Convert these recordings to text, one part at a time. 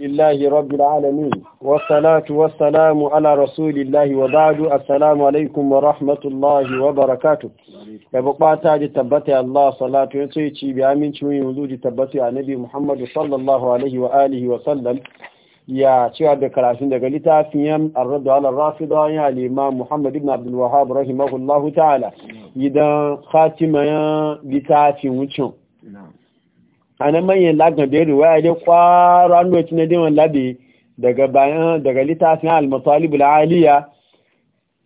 lillahi rabbil alamin wa salatu wa salamu ala rasulillahi wa ba'du assalamu alaikum wa rahmatullahi wa barakatuh da bukata ji tabbata Allah salatu ya ce ci bi aminci mun yanzu ji tabbata ya nabi sallallahu alaihi wa wa sallam ya ci da karashin daga litafin ar-radu ala rafida ya al imam muhammad ibn abdul wahhab rahimahullahu ta'ala idan khatima ya litafin wucin anan manyan lagan da ya riwaya dai kwara lokaci na diman labi daga bayan daga littafin al-matalib al-aliya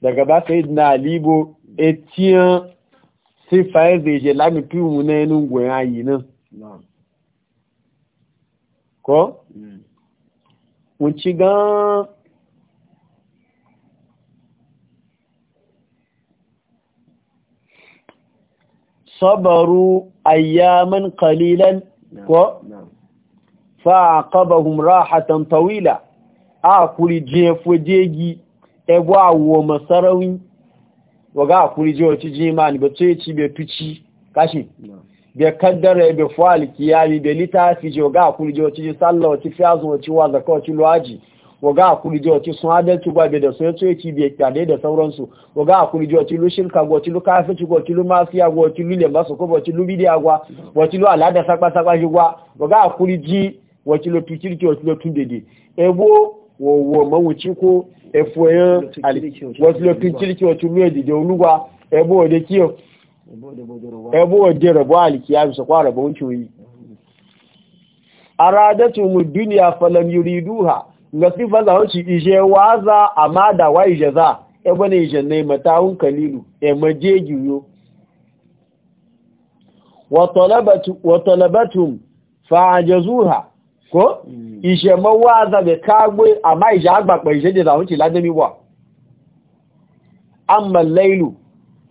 daga ba sai na alibo etiyan sai fayar da je lami piwu na yanin ayi nan ko? wunci mm. gan sabaru ayyaman kalilan ko fa'aqabahum rahatan tawila a kuri jefo jegi ebo awo masarawi waga a kuri je oci jimani ba ce ci be pichi kashi be kaddara be fali kiyali be litafi je waga a kuri je oti sallo oci fiyazu oci wa zakka oci waga a kuri jiwaci sun adalci gwabe da sun yato yaki biya kyade da sauransu waga a kuri jiwaci lu shirka gwaci lu kafici gwaci lu masiya gwaci lu lemba su ko gwaci lu bidiya gwa gwaci alada sakpa sakpa shi gwa waga a kuri ji gwaci lu tukirki gwaci tun dede ebo wọ̀wọ̀ mọ́wùcí ko efoyen ẹ̀yán wọ́tílọ́tún kíríkí ọ̀tún ní èdìdè olúwa ẹbọ́ òde kí ọ ẹbọ́ òde rẹ̀bọ́ àlìkí àbìsọ̀kọ́ àrẹ̀bọ́ ń ṣòyí ara adẹ́tùnmù dúnìyà fọlẹ̀mù yorì ìdúhà ga sifar zaunci ishe waza a madawa ishe za ebe na ishe na imatawun kalilu emaje giyo watalabatum fa'ajazuha ko hmm. ishe mawaza da kagbe amma ishe agbagba ishe da zaunci ladami wa amma lailu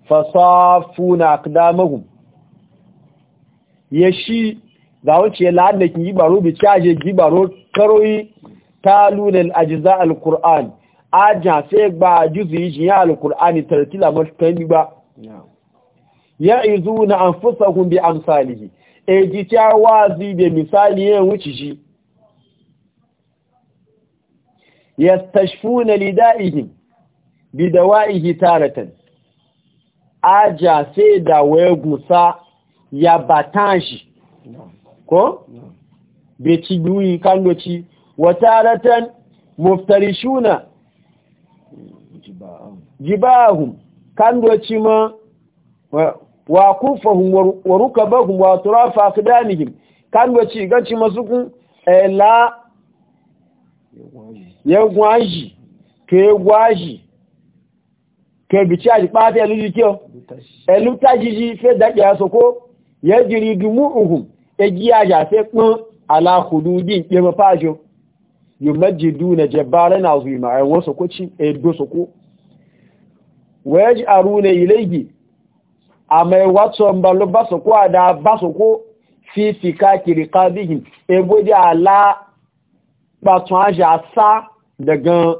fasafuna akdamahum ya shi zaunci ya la'adda ki yi baro bi caje ki baro karoyi talulal ajiza alkur'an aja sai gba juzu yi jiya alkur'ani tartila tani ba ya izuna na bi amsalihi e ji ta wazi da misali ya wuci shi ya tashfu lida'ihim bi da taratan aja sai da wegusa gusa ya batan shi ko? bai ci duyi kan ci wataratan muftarishuna jibahum kandoci ma wa kufahum wa rukabahum wa turafa aqdanihim kandoci ganci masukun la yegwaji ke gwaji ke bici a jipata eluji kiyo elutajiji fe daɗe ko ya ala hududin ɗe yumajiduna jabbalan azima ay wasu kuci e doso ko wayaj'aluna ilayhi amay watson balu soko ko da ba soko fi fikaki riqabihim e boje ala batun aja sa daga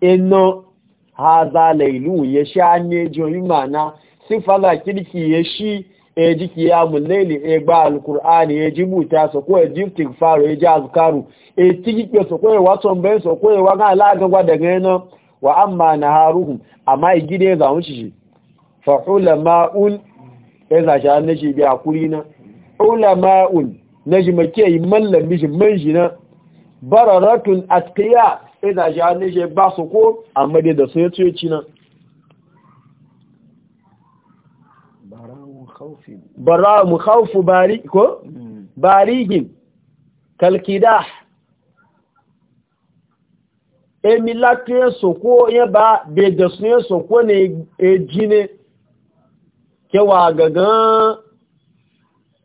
eno haza lailu ya sha ne joyi mana sifala kirki ya shi ya e ji kiyamun e gba alkur'ani e jibu ta so ko ya e ji tigfaru ya e ji azkaru e ti gike so ko wa so bai so ko ya waga alagagwa daga yana wa amma na haruhun amma e gide ya zamu shi fa e za zashi ne shi bi akuri na ulama'un ne ji make yi mallan shi man shi na bararatun e za zashi ne nashi ba su ko amma dai da ya yi tuyoci na bara'u khawfu bari ko hmm. barihim kalkidah emi latin soko yen ba beje sun soko ne ejine ke wa gagan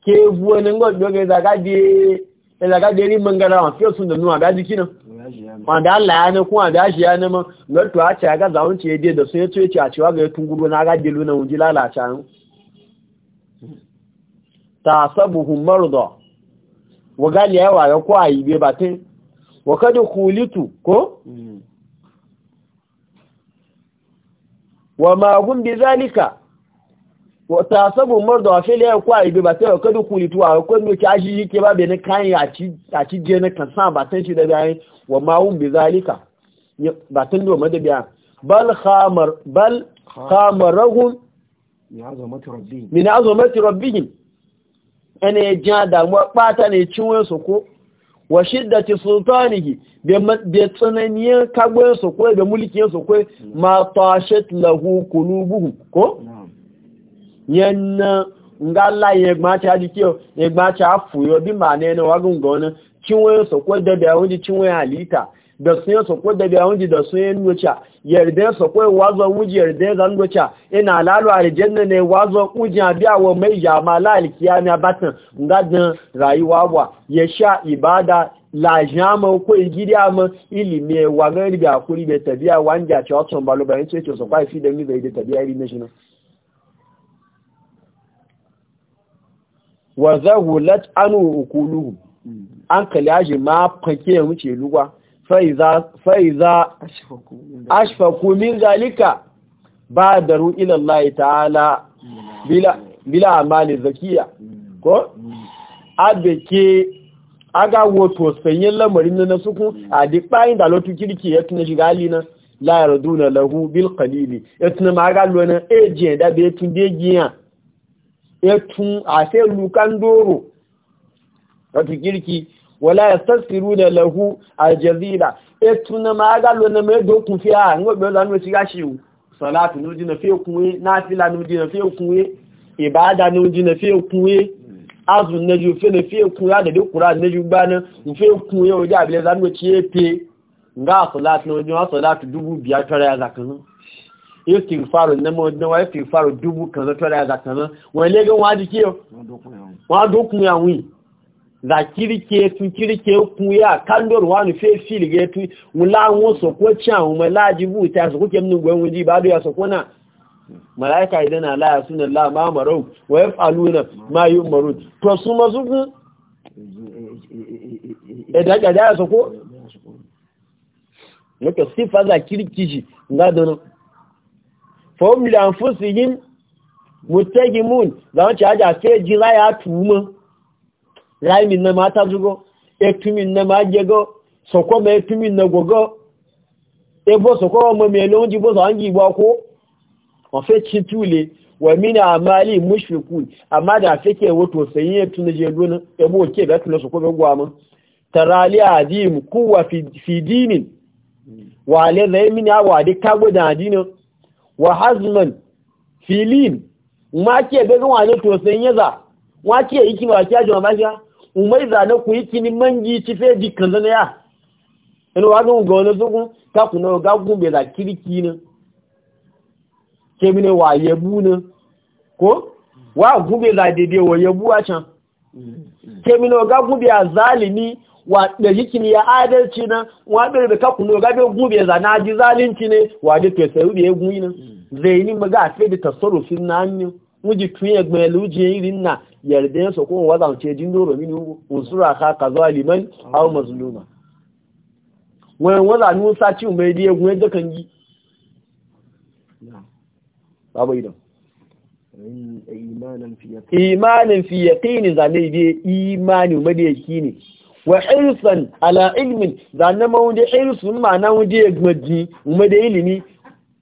ke vuwe ne ngo joge zagadi e zagadi ri mangara wa fiyo sun da nuwa gadi kinan wanda da ya ne kuma da shi ya ne ma ngartu a ce ga zaunci ya je da sun ya e ce a cewa ga tunguru na gadi luna wuji lalace an Ta tasabuhum marda wa gali wa ya ko yi be batin wa kad khulitu ko wa ma hum bizalika wa tasabuhum marda fi la ko ayi be batin wa kad khulitu wa ko no ki shi shi ba be ne kan a ci je kan sa batin shi da bayan wa ma hum bizalika batin do madabiya bal khamar bal khamarahum min azamati rabbihim min azamati rabbihim ene jin eji bata ne cin wayan su ko wa shiddati sultanihi bi tsananiyar kagwayen su ko da mulkiyar su ko ma tashat lahu qulubuhum ko yanna ngala yegba cha dikio obi cha fuyo bi ma ne ne wagun gona cin su ko da da sun yi sokwa da biya wunji da sun yi nuca yarda sokwa wazo wuji yarda zan nuca ina lalu aljanna ne wazo wuji a biya wa mai jama la alkiyami batin ngadin rayuwa wa ya sha ibada la jama ko igiri ama ili wa gari biya kuri bai tabiya wanja ce otun balo bayan ce ce sokwa fi da mi da tabiya fa'iza ashfaku min zalika ba da ru'in Allah ta'ala bila amali zakiya ko? abeke agawo to sanyin lamarin na suku a duk bayin da lotu kirki ya tuna shiga halina la yarduna lahu bil qalili ya tuna ma ga lona eje da be tun de giya ya tun a sai lukan doro lotu kirki wala yastasiruna lahu aljazila etuna magalo na medo kun fi a ngo be lanu ti gashi salatu nuji na fi kunwe nafila nuji na fi kunwe ibada nuji na fi kunwe azun na ju fi na fi kunwe da de qur'an na ju bana fi kunwe o ja bile lanu ti epe nga salatu nuji wa salatu dubu biya tare ya zakan istighfarun na mo na wa istighfarun dubu kan tare ya zakan wa legan wa dikio wa dokun ya wi za kirke tu kirke ku ya kandor wani fe fil ge tu mula mu so ko cha mu malaji buta so kuke mun gwen wuji ba do ya so kona malaika idan ala ya sunna Allah ma maru wa yafaluna ma yumaru to su mazugu e da ga da so ko nuka sifa za kirki ji nga don fa'um li anfusihim mutajimun za mu ci aja fe jira ya tuma raimin na mata zugo etumin na magego soko ma etumin na gogo ebo soko ma melo nji bo so angi bo ko on fait chitule wa min amali mushfiqun amma da fake wato sayin etun je gona ebo ke da tulo soko be gwa mu tarali azim kuwa fi fi dinin wa le zaimin ya wa de kago da dinin wa hazman filin ma ke be gwa ne to sayin yaza wa ke iki ba ke ajuma ba umai zane ku yi kini mangi ci fe di kan zane ya ina wa ga ga wani zugun ka ku na ga gun be za kirki ne ke mi ne wa yebu ne ko wa gun be za dede wa yebu a can ke mi ne ga gun be azalimi wa da yikini ya adalci na wa be da ka ku na ga be gun be za na ji zalunci ne wa da ke sai be gun ne mm. zai ni maga fe da tasarrufin nan ne muji tuye egbe luje irin na yarda su kuma waza ce jin doro mini usura ka ka zaliman aw mazluma wayan waza nu sa ci mai die gwe da kan yi babu idan imanin fi yaqini zane die imani madi yaqini wa hirsan ala ilmin zane ma wunde hirsun ma na wunde gmaji madi ilimi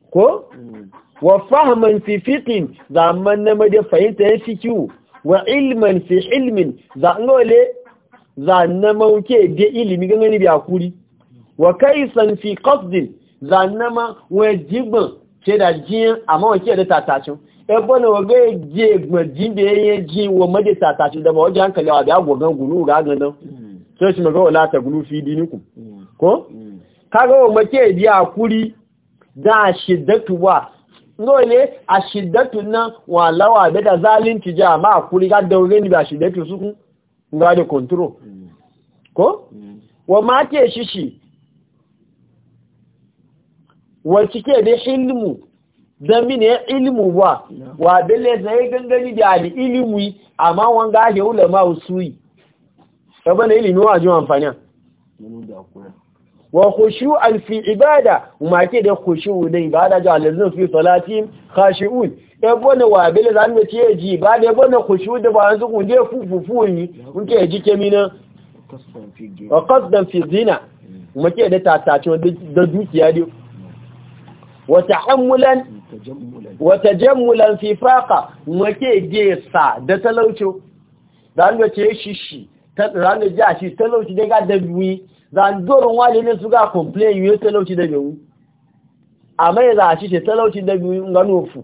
ko mm. wa fahman fi fiqin man na maje fahimta ya fi kiwo wa ilman fi ilmin za ngole gole za na mauke da ilimi gangani biya kuri wa kaisan fi qasdin za na ma wa jigban ce da jin amma wa ke da tatacin e na wa ga je jin da yayin ji wa maje tatacin da ba wajen hankali wa biya gogan gulu ga ganin sai shi maga wala ta gulu fi dinikum mm. ko mm. kaga wa make biya kuri da shi ba ngole ashiddatu nan wa lawa be da zalunci ja ma kuri ga daure ni ba ashiddatu su ga da control ko wa ma ke shishi wa cike da ilmu dan mine ya ilmu wa wa bele zai gangani da ali ilmu amma wanga ga ulama usui saboda ilimi wa ji amfani wa khushu an fi ibada ma ke da khushu da ibada ga alazin fi salatin khashi'un e bone wa bil zan mu ce ji ba da e bone khushu da ba su kunde fufufu ni kun ke ji ke mina wa qaddam fi zina ma ke da tatace da dukiya dai wa tahammulan wa tajammulan fi faqa ma ke je sa da talauci dan mu ce shishi ta zan ji a shi talauci da ga da duwi zandoron wale ne su ga complain yi talauci da biyu a mai za a shi ce talauci da biyu ga nufu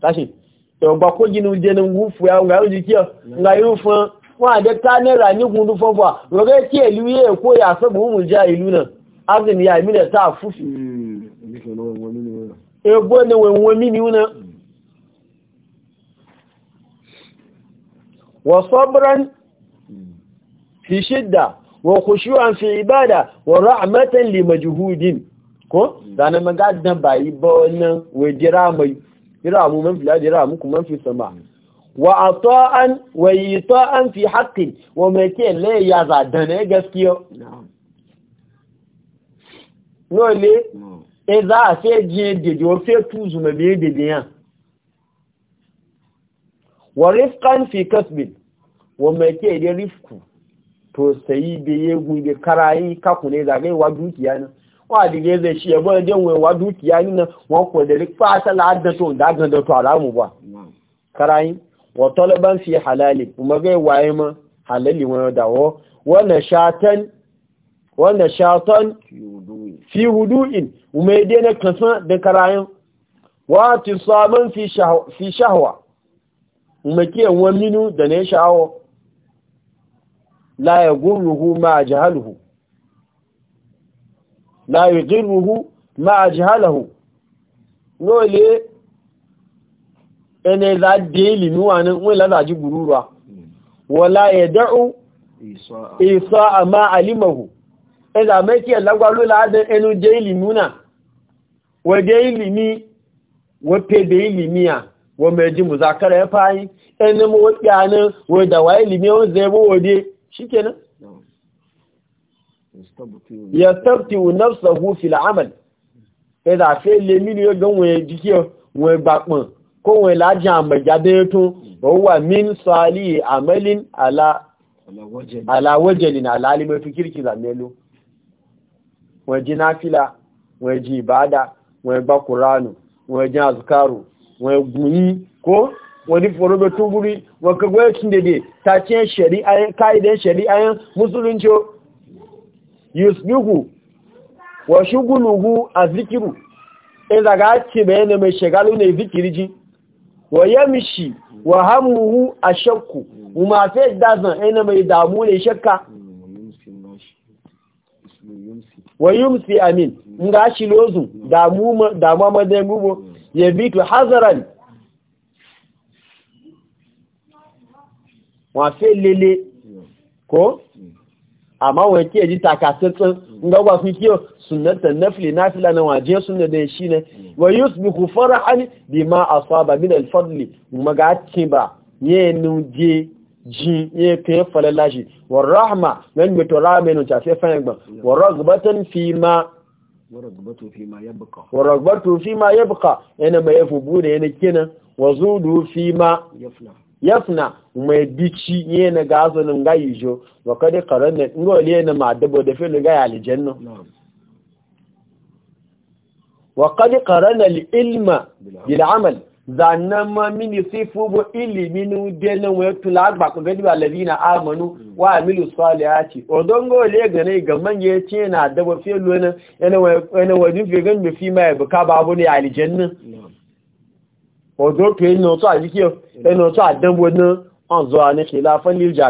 tashi yau ba ko gini jenin gufu ya ga yuji kiyo ga yufin wa da ta naira ni gundu fafa roga ke luye ko ya sabu mu ja ilu nan azin ya mi da ta fufi ebo ne wenwe mini una wa sabran fi shidda wa khushu'an fi ibada wa rahmatan li majhudin ko mm. dana magadan bayi bonan we diramai mu man jira diramu kuma fi sama mm. wa ata'an wa yita'an fi haqqin wa ma ke le ya za dana e gaskiya no le e za se je de de o tuzu ma be de de yan wa rifqan fi kasbin wa ma ke de rifku to sayi da ya gube karayi kaku ne zagaye wa dukiya ne wa dige zai shi yabo da wai wa dukiya ne na wa ko da rik fasa la da to da ga da to alamu ba karayi wa talaban fi halali kuma gai waye ma halali wani dawo wannan shatan wannan shatan fi wudu'in kuma ya dena kasa da karayi wa tisaban fi shahwa kuma ke wani minu da ne sha'awa la ya gurruhu ma a jihaluhu la ya gurruhu ma a jihalahu nole ene za daily nuwanin wani gururuwa wala ya da'u isa a ma alimahu ẹza mẹ́kí ẹ̀lágbàrú láàdán ẹnu jẹ́ ìlìmúnà wọ́n jẹ́ ìlìmí wọ́n pèdè mai ji wọ́n ya mùsàkẹ́rẹ́ fáyín ẹni mọ́ wọ́n pẹ̀ àánú wọ́n dàwà ìlìmí ó zẹ́ wọ́wọ́dé shikenan yastabtiu nafsahu fil amal ida fe le mini yo gan we dikio we gbapon ko we la jan mo jade tun o wa min sali amalin ala ala kirki za melo nafila we ji ibada we gba qur'anu we ji ko wani forobe tunguri waka gwayacin da dade ta ce ka'idan shari'ayen musulunci yusufu wa shuguluhu a zikiru in e daga ce bayanin mai shagalu ne zikirji wa yamishi wa hamuhu a shakku ma sai dazan ina mai damu ne shakka wa yumsi amin in ga shi lozu ma madayin gubo ya bitu hazaran wọ́n fẹ́ lélé kó àmá wọ́n tí èjì tàkà tẹ́tẹ́ ǹgbàgbà fún kí o sunnatan nafli nafila na wọ́n jẹ́ sunna da ne wọ́n yóò sì kú fọ́rọ̀ hali bí ma a sọ́ba bí alfadli maga cin ba yẹ́ nu jẹ́ jí yẹ́ kẹ́ fọ́lẹ̀ láṣì wọ́n rahma wọ́n gbẹ̀tọ̀ rahma fẹ́ gbọ́n wọ́n fi fi ma yana mai yana kenan yafna mai bici ne na gazonin gayi jo ba kada karan ngo ngole na ma dabo da fil ga aljanna wa qad qarana al ilma bil amal zanna ma min sifu bu ilminu dena wa tula ba ko gadi ba ladina amanu wa amilu salihati go le ne ga manye ce na dabo lo lona yana wa yana wa fi gan bi fi mai buka babu ne aljanna ọjọ́ pé ẹni ọ̀tọ́ àdíkí ẹni ọ̀tọ́ àdánwò náà ọ̀zọ́ àníkè láfán lè jà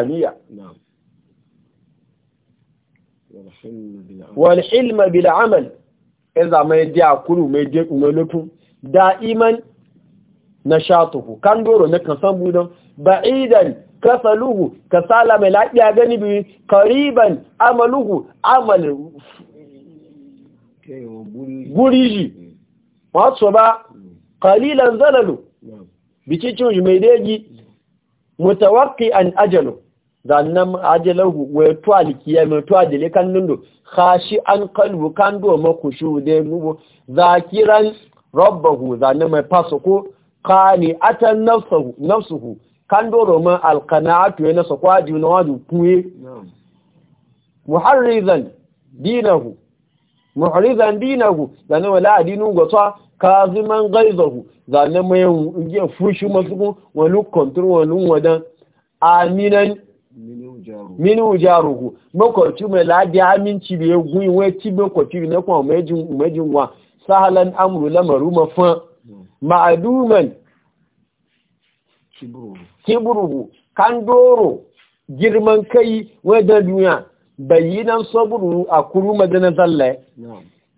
wọ́n ilmà bí láàmàl ẹzà mai dí àkúrù mai dí ọlọ́kún da iman na kan san ba'idan kasaluhu kasala mai lafiya kariban ba qalilan zalalu bici cin mai daji mutawakki an ajalu zannan ajalahu wa tuwali kiyama tuwajile kan nundo khashi an qalbu kan do makushu de nubo zakiran rabbahu zannan mai faso ko qani atan nafsuhu nafsuhu kan do roma alqanaatu yana so kwaji na wadu kuye muharrizan dinahu muharrizan dinahu zannan wala dinu gotsa kaziman gaizahu zane mai yin fushi masu kun wani kontur wani wadan aminan minu jaruhu makwarci mai ladi aminci da ya gwi wai ci makwarci na kuma majin wa sahalan amuru lamaru mafa hmm. ma'aduman kiburuhu kan doro girman kai wajen duniya bayyanan saburu a kuru madana zallaye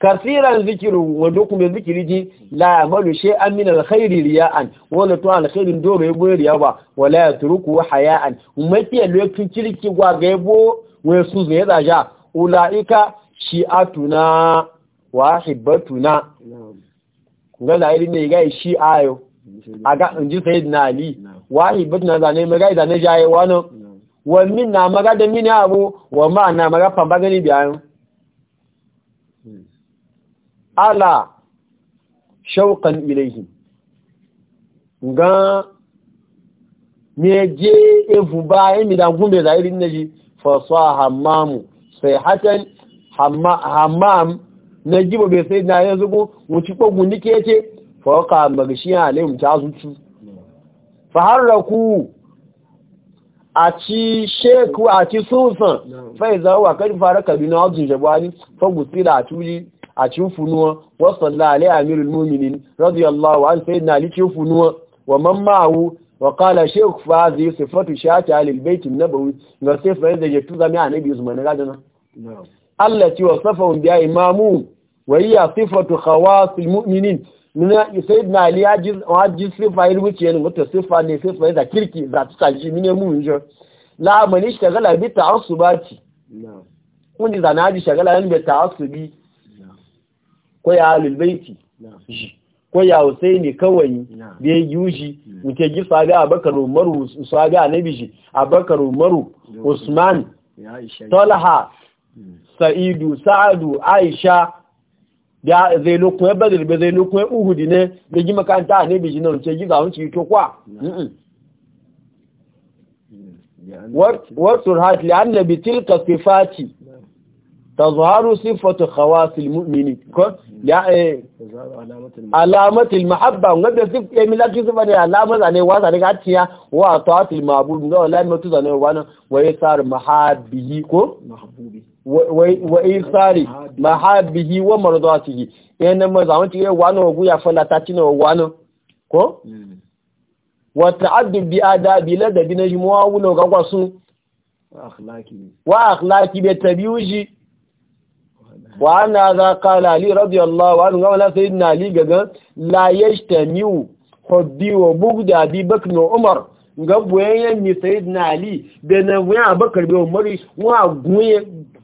kasiran zikiru wanda kuma zikiri ji la amalu she amina alkhairi riya'an wala to alkhairin doro yabo riya ba wala yatruku haya'an umati ya lokacin kirki gwa ga yabo wai su zai daja ulaika shi'atuna wa hibbatuna kunga da irin ne ga shi ayo aga inji sayyidina ali wa hibbatuna zane mai ga zane jaye wani wa minna maga da min abu wa ma na maga famba gani biyan ala shauƙan ilaihi ga meje efu da gumbe gume zairin na ji a hammamu sai hatan hammam na gibo bai sai na yanzu ko wuci kogun nike ce fauka magashiya alayhim ta zuci faharraku a ci sheku a ci sunsan fai zawo a kan fara kabinu a jujjabani fagusila a tuli a cin funuwa wa alai amirul mu'minin radiyallahu an sayyidina ali cin funuwa wa man ma'ahu wa qala shaykh fazi sifatu shati ali albayt an-nabawi ga sai fa da ya tuza mai annabi usman ga dana Allah ci wasafa bi imamu wa hiya sifatu khawas almu'minin min sayyidina ali ajiz wa ajiz sifa ilmuci ne wata sifa ne sifa da kirki za ta tsaji mine mu injo la manish tagala bi ta'assubati na'am kun da na ji shagala yan bi ta'assubi ko ya alulbaiti ko ya ne kawai da ya yi uji muke gi sabi abakar umaru sabi anabi shi abakar umaru usman talha hmm. sa'idu sa'adu aisha da zai lokun bazir ba zai lokun uhudi ne da gi makaranta anabi shi na muke gi zaun ci to kwa wasu rahat hmm. annabi tilka sifati تظهر صفة خواص المؤمنين يا ايه علامة المحبة ونبدا صفة يملاكي صفة دي علامة زاني واسا دي غاتيا وطاعة المعبود من الله ما تزاني وانا ويسار محابه كو ويسار محابه ومرضاته yana ma zaman ci wani wagu ya falla ta cina wani ko? wata abdul bi adabi ladabi na jimuwa wulo gagwasu wa akhlaki bai tabi'u shi wa ana za kala ali radiyallahu anhu ga wala na ali gaga la yashtamiu hubbi wa bugda abi bakr umar ga boyen ni na ali da na wa abakar be umar wa gunye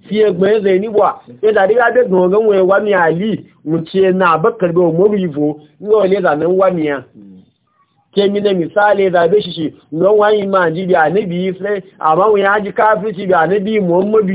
fiye gbe zai ni wa ya da riga da gonga wa wa mi ali mun na abakar be umar yivo no ne da nan wa miya na misali zabe shi shi non wani ma ji bi anabi sai amma wani haji kafirci bi anabi muhammadu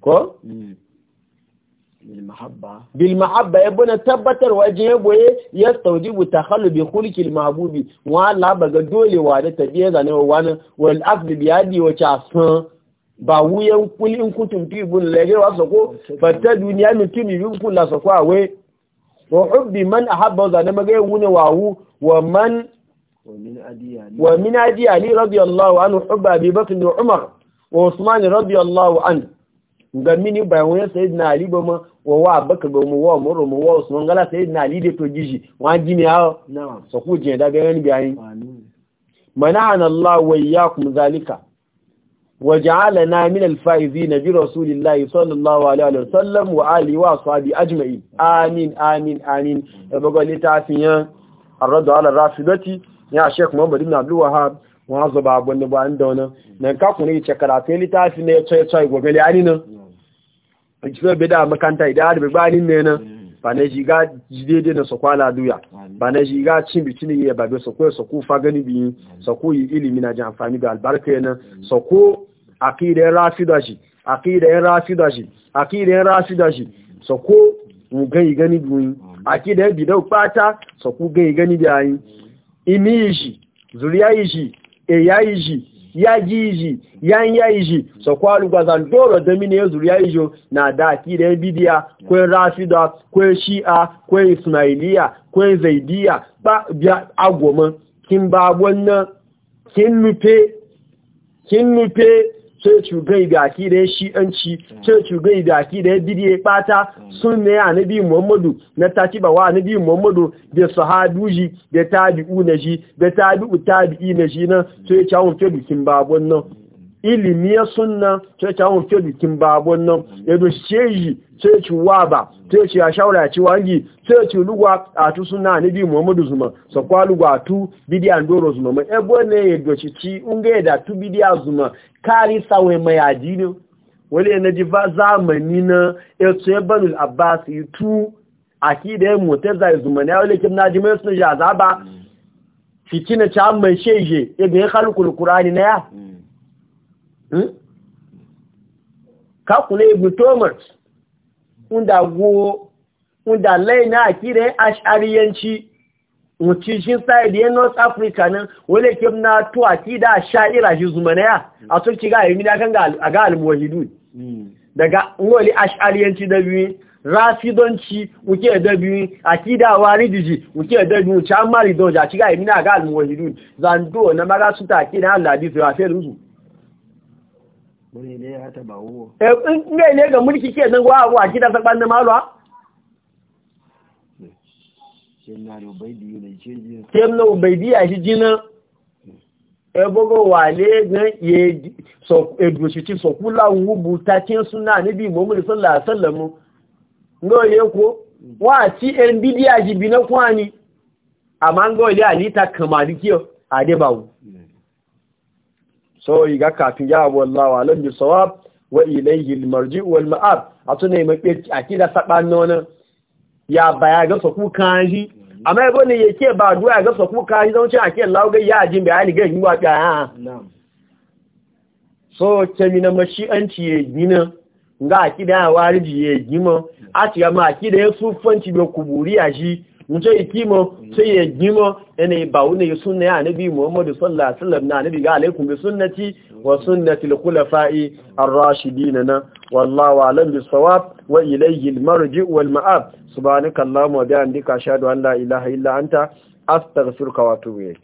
ko bil mahabba ya bune tabbatar waje ya boye ya taujibu takhallubi khulqil mahbubi wa la baga dole wa da tabiya zane wa wani wal afdi bi yadi wa cha san ba wuyan kulin kutum tibun lege wa sako fatta duniya mutum yun kula sako awe wa hubbi man a ahabba zane maga wune wawu wa man wa min adi ali radiyallahu anhu hubba bi bakr umar wa usman radiyallahu anhu ga mini ba wani sayid na ali ba ma wa wa baka ga mu wa ro mu wa usman gala sayid na ali da to gishi wa gini ha na so ku je da ga yani mana an allah wa iyyakum zalika wa ja'alna min al-faizina bi rasulillahi sallallahu alaihi wa sallam wa Ali, wa sahbi ajma'in amin amin amin e ni ta fi yan arradu ala rafidati ya sheikh muhammad ibn abdul wahhab wa azaba abun ba an da nan ka ku ne ce karatu litafi ne ya ce ce gobe ali so bai da makanta idan har be bani ne nan ba na shiga jidede na sokwala duya ba na shiga cin bitini ya babe soko soko fa gani bi soko yi ilimi na ji amfani da albarka nan soko akida ya rafi da shi akida ya rafi da shi akida ya rafi da shi soko mu gani gani bi akida ya bidau pata soko gani gani bi ayi imi yi shi zuriya yi shi eya yi shi ya jiji yan ya iji so kwalu gwazan doro da mini yanzu ya ijo na da akidan bidiya kwe rafida kwen shi'a kwe ismailiya kwe zaidiya ba biya agwoma kin ba wannan kin nufe kin nufe sai cugai da ake da ya shi'anci sai cugai da ake da ya bidiye bata sun ne anabi muhammadu na tatiba wa anabi muhammadu da ji da tabi'u na ji da tabi'u tabi'i na ji nan sai ya cawon ke dukin babon nan ilimi ya sunna sai ta hau kyau jikin babon nan ya dushe yi sai ci wa ba sai ci ya shawara ci wangi sai ci lugwa a tu suna bi muhammadu zuma sa kwa lugwa tu bidiya ndoro zuma mai ebo ne ya doci ci unga da tu bidiya zuma kari sawai mai adini wale na ji ba zamani na etu ya e banul abbas yi tu aki da ya mutaza zuma na wale kim na ji mm. mai suna jaza ba fitina ci an mai sheje ya bai kurani na ya mm. Hmm? kakuna ibu thomas unda guwo unda laina a kiran ashariyanci mutishin side ya north africa nan wale ke na to akida sha'ira shi zumanaya a to ki ga yimi kan ga ga almuwahidun hmm. daga wale ashariyanci da biyu rafidonci uke da biyu akida waridiji uke da biyu chamari doja ci ga yi mina ga Zan zando na maga su ta akida Allah bi su rafe ruzu Eh, in ga ne ga mulki ke nan wa wa gidan saban na malwa kem hmm. na ubaidiya shi jinan ebogo eh, wale na ye so edoshiti so kula bu ta tin suna nabi muhammad sallallahu alaihi wasallam ngo ye ko wa ti en bidiya ji bi na kwani amma ya ye ali ta kamari kiyo adebawo mm. so iga kafin ya wallahu alam bi sawab wa ilayhi al A, wal ma'ab atune mabe akida sabano na ya baya ga so ku kanji amma yabo ne yake ba duwa ga kuka ku kanji don ce ake Allah ga ya jin bayani ga yiwa ga ha so kemi na mashi'anci ye gina ga akida wariji ya gima a ci ma akida ya sufanci bai kuburi a shi nje ikimo mm. sai ya gimo ene yi ba wune sunna ya nabi muhammadu sallallahu alaihi wasallam na nabi ga alaikum bi sunnati wa mm. sunnati al-khulafa'i ar-rashidin na wallahu alam bis sawab wa ilayhi al-marji wal ma'ab subhanaka allahumma wa bihamdika ashhadu an la ilaha illa anta astaghfiruka wa atubu ilayk